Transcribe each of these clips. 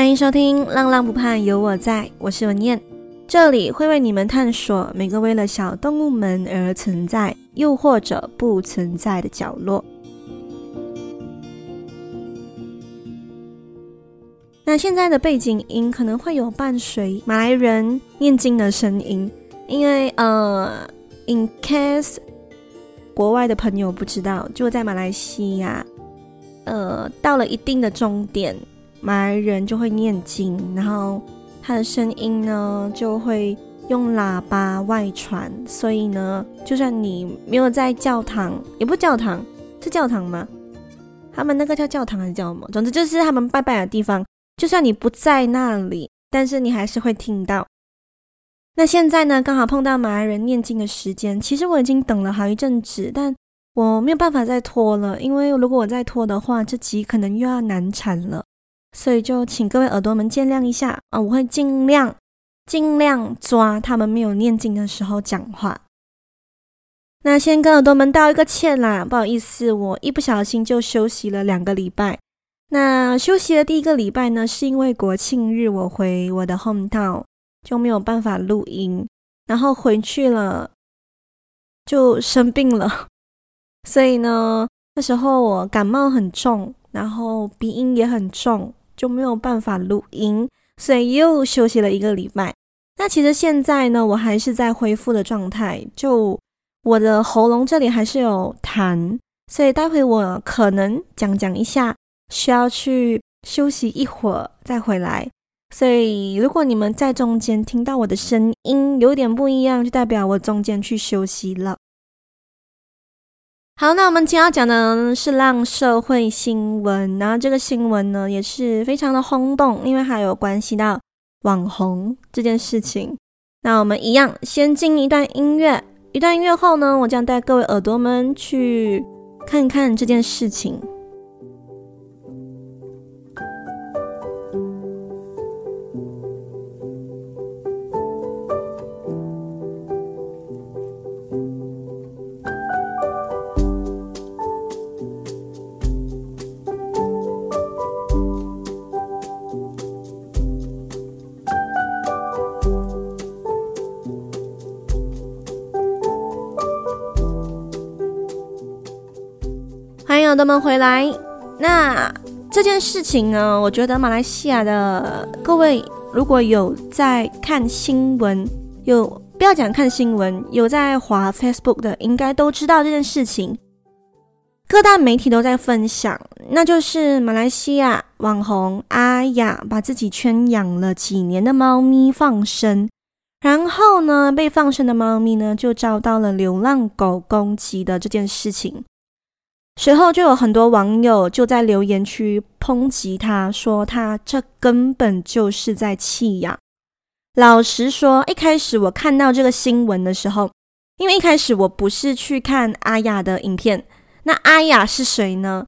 歡迎收聽《浪浪不怕，有我在》，我是文燕，這裡會為你們探索每個為了小動物們而存在，又或者不存在的角落。那現在的背景音可能會有伴隨馬來人念經的聲音，因為呃，in case 國外的朋友不知道，就在馬來西亞，呃，到了一定的終點。馬來人就會念經，然後他的聲音呢就會用喇叭外傳，所以呢，就算你沒有在教堂，也不教堂是教堂嗎？他們那個叫教堂還是叫什麼？總之就是他們拜拜的地方。就算你不在那裡，但是你還是會聽到。那現在呢，剛好碰到馬來人念經的時間。其實我已經等了好一陣子，但我沒有辦法再拖了，因為如果我再拖的話，這集可能又要難產了。所以就請各位耳朵們見諒一下啊！我會盡量、盡量抓他們沒有念經的時候講話。那先跟耳朵們道一個歉啦，不好意思，我一不小心就休息了兩個禮拜。那休息的第一個禮拜呢，是因為國慶日我回我的 hometown 就沒有辦法錄音，然後回去了就生病了。所以呢，那時候我感冒很重，然後鼻音也很重。就沒有辦法錄音，所以又休息了一個禮拜。那其實現在呢，我還是在恢復的狀態，就我的喉嚨這裡還是有痰，所以待會我可能講講一下，需要去休息一會兒再回來。所以如果你們在中間聽到我的聲音有點不一樣，就代表我中間去休息了。好，那我們今天要講的是浪社會新聞，然後這個新聞呢也是非常的轟動，因為還有關係到網紅這件事情。那我們一樣先進一段音樂，一段音樂後呢，我將帶各位耳朵們去看看這件事情。朋友們回來，那這件事情呢，我覺得馬來西亞的各位如果有在看新聞，有不要講看新聞，有在滑 Facebook 的，應該都知道這件事情。各大媒體都在分享，那就是馬來西亞網紅阿雅把自己圈養了幾年的貓咪放生，然後呢，被放生的貓咪呢就遭到了流浪狗攻擊的這件事情。隨後就有很多網友就在留言區抨擊他，說他這根本就是在棄養。老實說，一開始我看到這個新聞的時候，因為一開始我不是去看阿雅的影片，那阿雅是誰呢？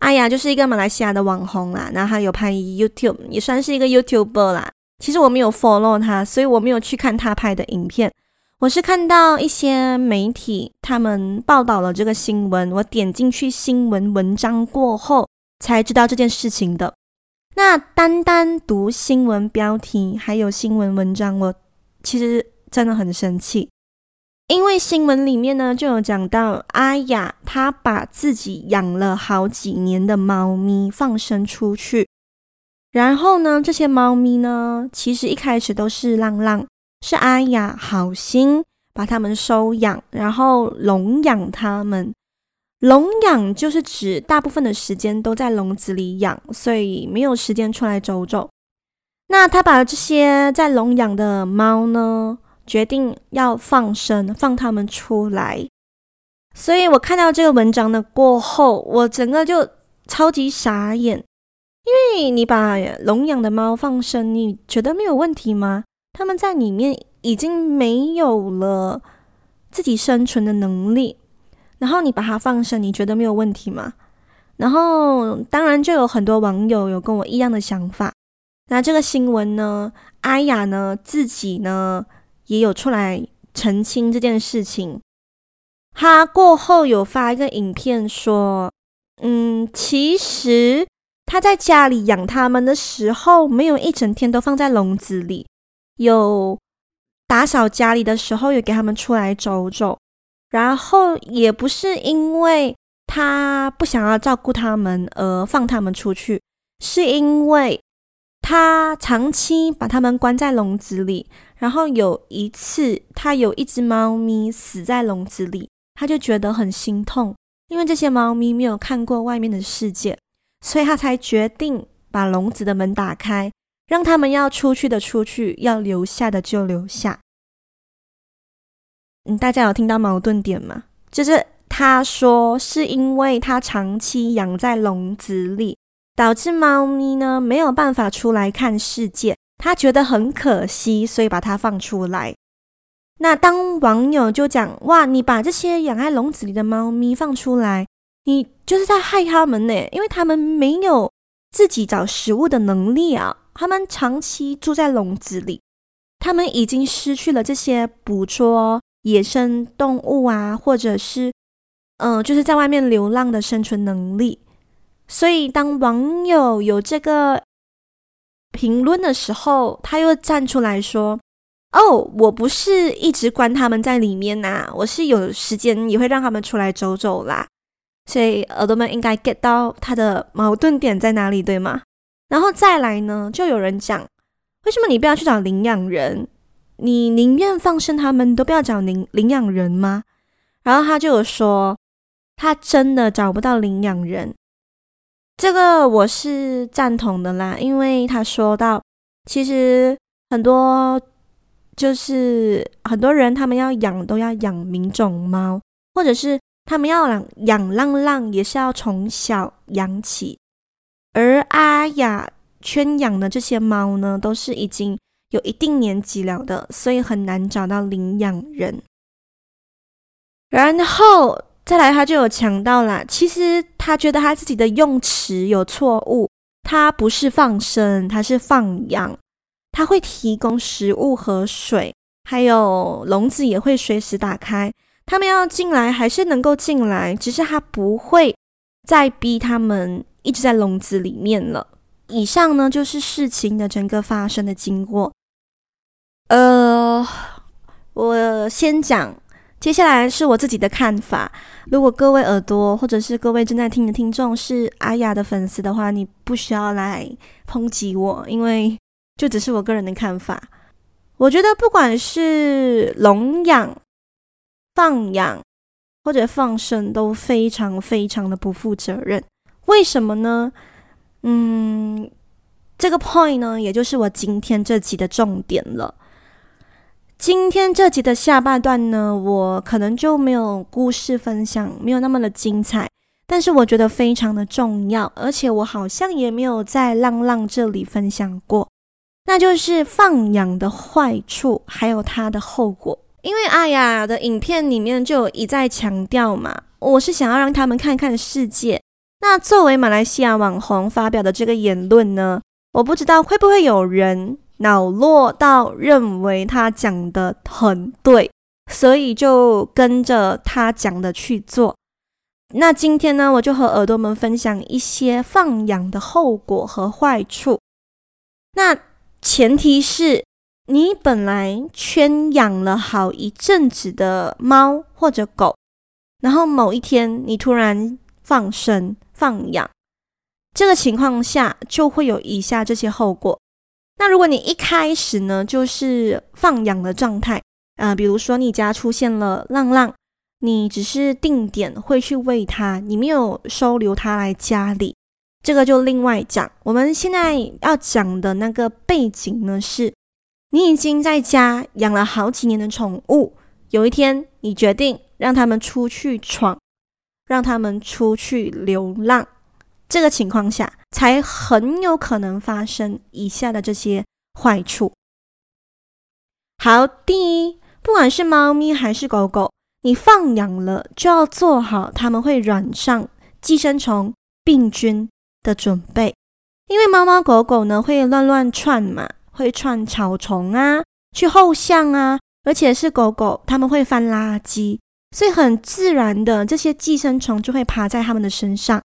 阿雅就是一個馬來西亞的網紅啦，然後他有拍 YouTube，也算是一個 YouTuber 啦。其實我沒有 follow 他，所以我沒有去看他拍的影片。我是看到一些媒體他們報道了這個新聞，我點進去新聞文章過後，才知道這件事情的。那單單讀新聞標題還有新聞文章，我其實真的很生氣，因為新聞裡面呢就有講到阿雅她把自己養了好幾年的貓咪放生出去，然後呢，這些貓咪呢其實一開始都是浪浪。是阿雅好心把他們收養，然後籠養他們。籠養就是指大部分的時間都在籠子裡養，所以沒有時間出來走走。那他把這些在籠養的貓呢，決定要放生，放他們出來。所以我看到這個文章的過後，我整個就超級傻眼，因為你把籠養的貓放生，你覺得沒有問題嗎？他們在裡面已經沒有了自己生存的能力，然後你把它放生，你覺得沒有問題嗎？然後當然就有很多網友有跟我一樣的想法。那這個新聞呢，阿雅呢，自己呢，也有出來澄清這件事情。他過後有發一個影片說：“嗯，其實他在家裡養他們的時候，沒有一整天都放在籠子裡。”有打掃家裡的時候，有給他們出來走走，然後也不是因為他不想要照顧他們而放他們出去，是因為他長期把他們關在籠子裡，然後有一次他有一隻貓咪死在籠子裡，他就覺得很心痛，因為這些貓咪沒有看過外面的世界，所以他才決定把籠子的門打開。讓他們要出去的出去，要留下的就留下。嗯，大家有聽到矛盾點嗎？就是他說是因為他長期養在籠子裡，導致貓咪呢沒有辦法出來看世界，他覺得很可惜，所以把它放出來。那當網友就講，哇，你把這些養在籠子裡的貓咪放出來，你就是在害他們呢，因為他們沒有自己找食物的能力啊。他們長期住在籠子裡，他們已經失去了這些捕捉野生動物啊，或者是嗯、呃，就是在外面流浪的生存能力。所以，當網友有這個評論的時候，他又站出來說：“哦，我不是一直關他們在裡面吶、啊，我是有時間也會讓他們出來走走啦。”所以，耳朵們應該 get 到他的矛盾點在哪裡，對嗎？然後再來呢，就有人講，為什麼你不要去找領養人？你寧願放生他們都不要找領領養人嗎？然後他就有說，他真的找不到領養人。這個我是贊同的啦，因為他說到，其實很多就是很多人他們要養都要養名種貓，或者是他們要養養浪浪也是要從小養起。而阿雅圈養的這些貓呢，都是已經有一定年紀了的，所以很難找到領養人。然後再來，他就有強調了，其實他覺得他自己的用詞有錯誤，他不是放生，他是放養，他會提供食物和水，還有籠子也會隨時打開，他們要進來還是能夠進來，只是他不會再逼他們。一直在籠子裡面了。以上呢，就是事情的整個發生的經過。呃，我先講，接下來是我自己的看法。如果各位耳朵，或者是各位正在聽的聽眾是阿雅的粉絲的話，你不需要來抨擊我，因為就只是我個人的看法。我覺得不管是籠養、放養或者放生，都非常非常的不負責任。為什麼呢？嗯，這個 point 呢，也就是我今天這集的重點了。今天這集的下半段呢，我可能就沒有故事分享，沒有那麼的精彩，但是我覺得非常的重要，而且我好像也沒有在浪浪這裡分享過，那就是放養的壞處，還有它的後果。因為阿雅的影片裡面就有一再強調嘛，我是想要讓他們看看世界。那作為馬來西亞網紅發表的這個言論呢，我不知道會不會有人腦絡到認為他講的很對，所以就跟着他講的去做。那今天呢，我就和耳朵們分享一些放養的後果和壞處。那前提是你本來圈養了好一陣子的貓或者狗，然後某一天你突然。放生、放養，這個情況下就會有以下這些後果。那如果你一開始呢，就是放養的狀態，啊、呃，比如說你家出現了浪浪，你只是定點會去餵它，你沒有收留它來家裡，這個就另外講。我們現在要講的那個背景呢，是你已經在家養了好幾年的寵物，有一天你決定讓它們出去闖。讓他們出去流浪，這個情況下才很有可能發生以下的這些壞處。好，第一，不管是貓咪還是狗狗，你放養了就要做好他們會染上寄生蟲、病菌的準備，因為貓貓狗狗呢會亂亂竄嘛，會竄草叢啊，去後巷啊，而且是狗狗，他們會翻垃圾。所以很自然的，這些寄生蟲就會爬在他們的身上。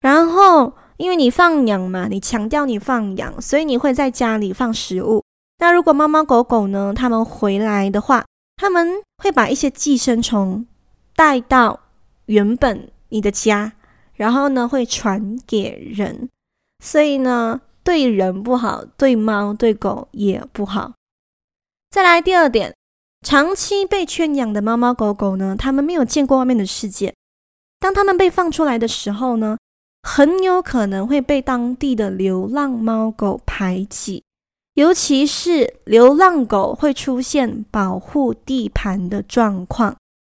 然後，因為你放養嘛，你強調你放養，所以你會在家裡放食物。那如果貓貓狗狗呢，它們回來的話，他們會把一些寄生蟲帶到原本你的家，然後呢會傳給人。所以呢，對人不好，對貓對狗也不好。再來第二點。長期被圈養的貓貓狗狗呢，他們沒有見過外面的世界。當他們被放出來的時候呢，很有可能會被當地的流浪貓狗排擠，尤其是流浪狗會出現保護地盤的狀況，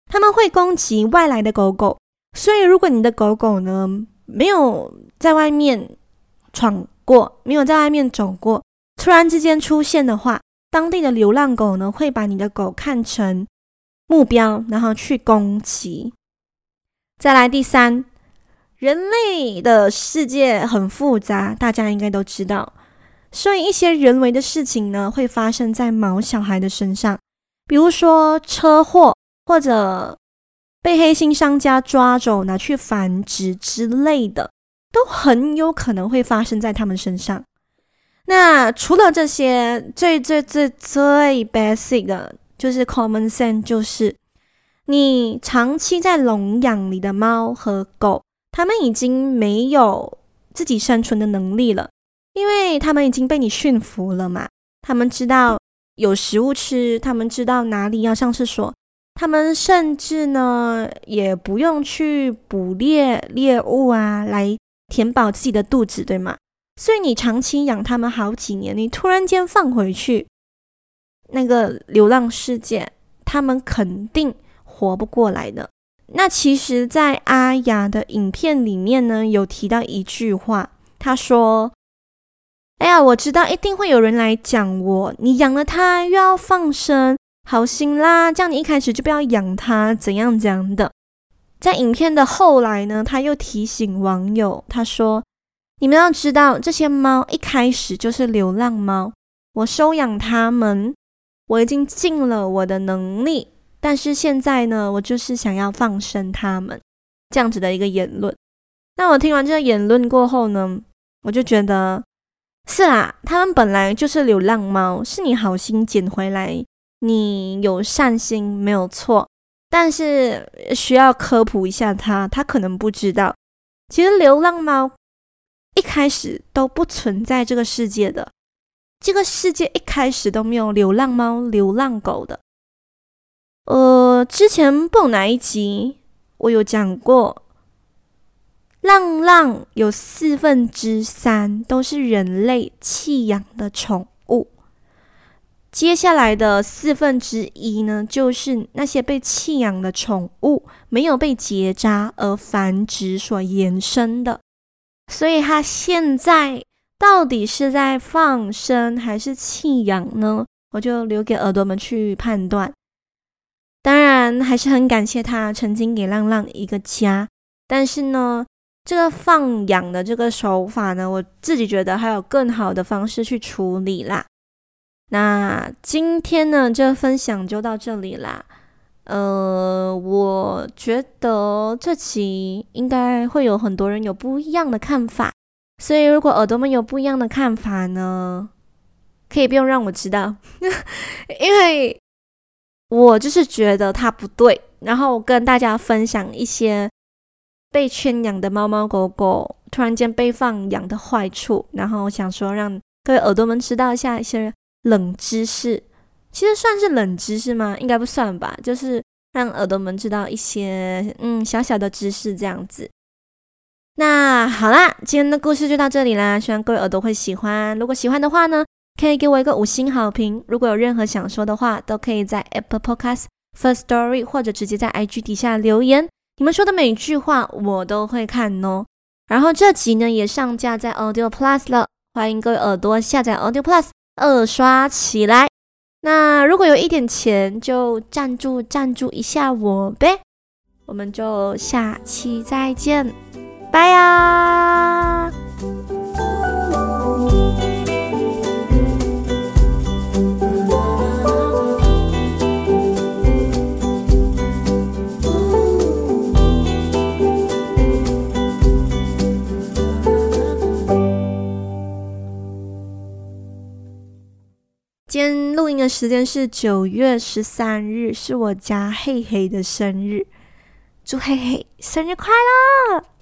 他們會攻擊外來的狗狗。所以，如果你的狗狗呢，沒有在外面闖過，沒有在外面走過，突然之間出現的話，當地的流浪狗呢，會把你的狗看成目標，然後去攻擊。再來第三，人類的世界很複雜，大家應該都知道，所以一些人為的事情呢，會發生在毛小孩的身上，比如說車禍，或者被黑心商家抓走，拿去繁殖之類的，都很有可能會發生在他們身上。那除了這些最最最最 basic 的，就是 common sense，就是你長期在籠養你的貓和狗，它們已經沒有自己生存的能力了，因為它們已經被你馴服了嘛。它們知道有食物吃，它們知道哪裡要上廁所，它們甚至呢也不用去捕獵獵物啊來填飽自己的肚子，對嗎？所以你長期養他們好幾年，你突然間放回去那個流浪世界，他們肯定活不過來的。那其實，在阿雅的影片裡面呢，有提到一句話，她說：“哎呀，我知道一定會有人來講我，你養了它又要放生，好心啦，這樣你一開始就不要養它，怎樣怎樣的。”在影片的後來呢，她又提醒網友，她說。你們要知道，這些貓一開始就是流浪貓。我收養它們，我已經盡了我的能力。但是現在呢，我就是想要放生它們，這樣子的一個言論。那我聽完這個言論過後呢，我就覺得是啦，啊，它們本來就是流浪貓，是你好心撿回來，你有善心沒有錯。但是需要科普一下它，它可能不知道，其實流浪貓。一開始都不存在這個世界的，這個世界一開始都沒有流浪貓、流浪狗的。呃，之前不懂哪一集我有講過，浪浪有四分之三都是人類棄養的寵物，接下來的四分之一呢，就是那些被棄養的寵物沒有被結紮而繁殖所延伸的。所以他現在到底是在放生還是棄養呢？我就留給耳朵們去判斷。當然還是很感謝他曾經給浪浪一個家，但是呢，這個放養的這個手法呢，我自己覺得還有更好的方式去處理啦。那今天呢，這個分享就到這裡啦。呃，我覺得這期應該會有很多人有不一樣的看法，所以如果耳朵們有不一樣的看法呢，可以不用讓我知道， 因為我就是覺得它不對。然後跟大家分享一些被圈養的貓貓狗狗突然間被放養的壞處，然後想說讓各位耳朵們知道一下一些冷知識。其實算是冷知識嗎？應該不算吧，就是讓耳朵們知道一些嗯小小的知識這樣子。那好啦，今天的故事就到這裡啦，希望各位耳朵會喜歡。如果喜歡的話呢，可以給我一個五星好評。如果有任何想說的話，都可以在 Apple Podcast Firstory 或者直接在 IG 底下留言，你們說的每一句話我都會看哦。然後這集呢也上架在 Audio Plus 了，歡迎各位耳朵下載 Audio Plus 二刷起來。那如果有一點錢，就贊助贊助一下我唄，我們就下期再見，拜呀、啊。時間是九月十三日，是我家嘿嘿的生日，祝嘿嘿生日快樂！